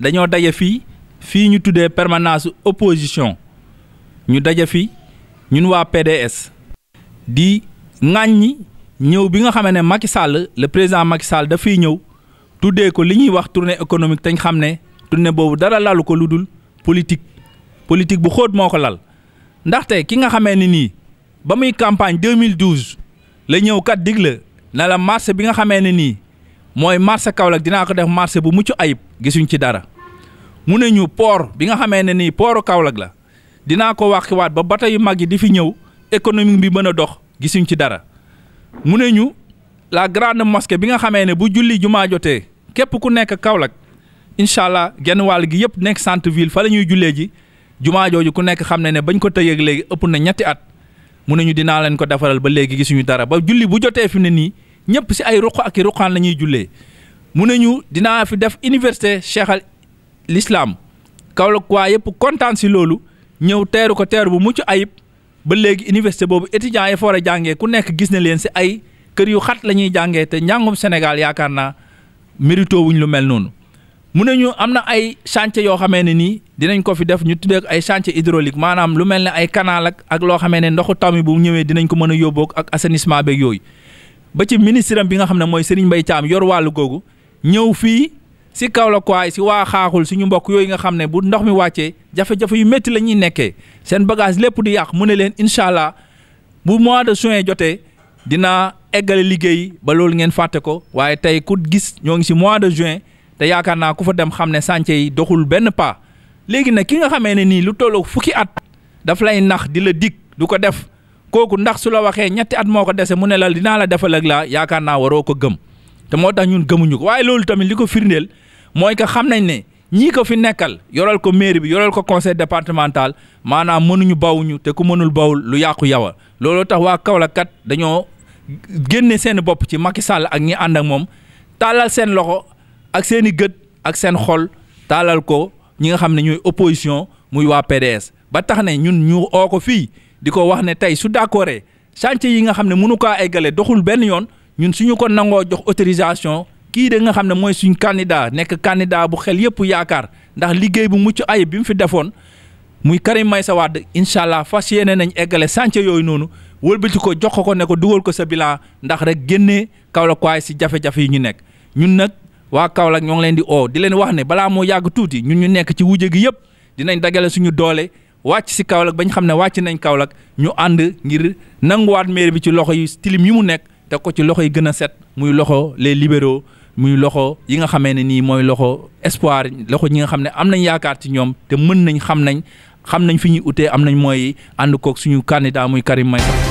dañoo daje fii fii ñu tuddee permanence opposition ñu daje fi ñun waa PDS di ŋàññi ñëw bi nga xam ne Macky Sall le président Macky Sall dafay ñëw tuddee ko li ñuy wax tournée économique te xam ne tournée boobu dara lalu ko lu dul politique politique bu xóot moo ko lal ndaxte ki nga xamee ne nii ba muy campagne 2012 la ñëw kat digle na la marché bi nga xamee ne nii mooy marché Kaolack dinaa ko def marché bu mucc ayib gisuñ ci dara mu ne ñu poor bi nga xamee ne nii pooru Kaolack la dinaa ko wàqiwaat ba bateau yu mag yi di fi ñëw économie bi mën a dox gisuñ ci dara mu ne ñu la grande mosquée bi nga xamee ne bu julli jumaa jotee képp ku nekk Kaolack incha allah genn wàll gi yëpp nekk centre ville fa la ñuy jullee ji jumaa jooju ku nekk xam ne ne bañ ko tëyeeg léegi ëpp na ñetti at mu ne ñu dinaa leen ko defaral ba léegi gisuñu dara ba julli bu jotee fi ne nii. ñëpp si ay ruq ak i ruqaan la ñuy jullee mu ne ñu dinaa fi def université cheikh al islam Kaolack waa yëpp kontaan si loolu ñëw teeru ko teeru bu mucc ayib ba léegi université boobu étudiants yi fa a jàngee ku nekk gis na leen si ay kër yu xat la ñuy jàngee te njàngum Sénégal yaakaar naa mérito wuñ lu mel noonu. mu ne ñu am na ay chantier yoo xamee ne nii dinañ ko fi def ñu tuddee ay chantier hydraulique maanaam lu mel ne ay canal ak loo xamee ne ndoxu taw mi bu ñëwee dinañ ko mën a yóbboog ak assainissement beeg yooyu ba ci ministre am bi nga xam ne mooy Serigne Mbaye Thiam yor wàllu googu ñëw fii si Kaolack waay si waa xaaxul suñu mbokk yooyu nga xam ne bu ndox mi wàccee jafe-jafe yu métti la ñuy nekkee seen bagage lépp di yàq mu ne leen incha allah bu mois de juin jotee dinaa eggale liggéey ba loolu ngeen fàtte ko waaye tey ku gis ñoo ngi si mois de juin te yaakaar naa ku fa dem xam ne chantier yi doxul benn pa léegi nag ki nga xamee ne nii lu tolloo fukki at dafa lay nax di la dig du ko def kooku ndax su la waxee ñetti at moo ko dese mu ne la dinaa la defal ak laa yaakaar naa waroo ko gëm te moo tax ñun gëmuñu ko waaye loolu tamit li ko firndeel mooy que xam nañ ne ñii ko fi nekkal yoral ko mairie bi yoral ko conseil départemental maanaam mënuñu bawuñu te ku mënul bawul lu yàqu yawa looloo tax waa Kaolack kat dañoo génne seen bopp ci Macky Sall ak ñi ànd ak moom tàllal seen loxo ak seen i gët ak seen xol tàllal ko ñi nga xam ne ñooy opposition muy waa PDS ba tax ne ñun ñu ko fii. di ko wax ne tey su d'accord eh, chantier yi nga xam ne mënu kaa eggale doxul benn yoon ñun suñu ko nangoo jox autorisation kii de nga xam ne mooy suñ candidat nekk candidat bu xel yëpp yaakaar ndax liggéey bu mucc ay bi mu fi defoon muy Karim sa Wade incha allah fas yéene nañ eggale chantier yooyu noonu wëlbati ko jox ko ne ko dugal ko sa bilan ndax rek génnee Kaolack waaye si jafe-jafe yi ñu nekk ñun nag waa Kaolack ñoo ngi leen di o di leen wax ne balaa moo yàgg tuuti ñun ñu nekk ci wujje gi yëpp dinañ dagale suñu doole. wàcc si Kaolack bañ xam ne wàcc nañ Kaolack ñu ànd ngir nanguwaat mairie bi ci loxo yi tilim yi mu nekk te ko ci loxo yi gën a set muy loxo les libéraux muy loxo yi nga xamee ne nii mooy loxo espoir loxo ñi nga xam ne am nañ yaakaar ci ñoom te mën nañ xam nañ xam nañ fi ñuy utee am nañ mooy ànd koog suñu candidat muy Karim Meïssa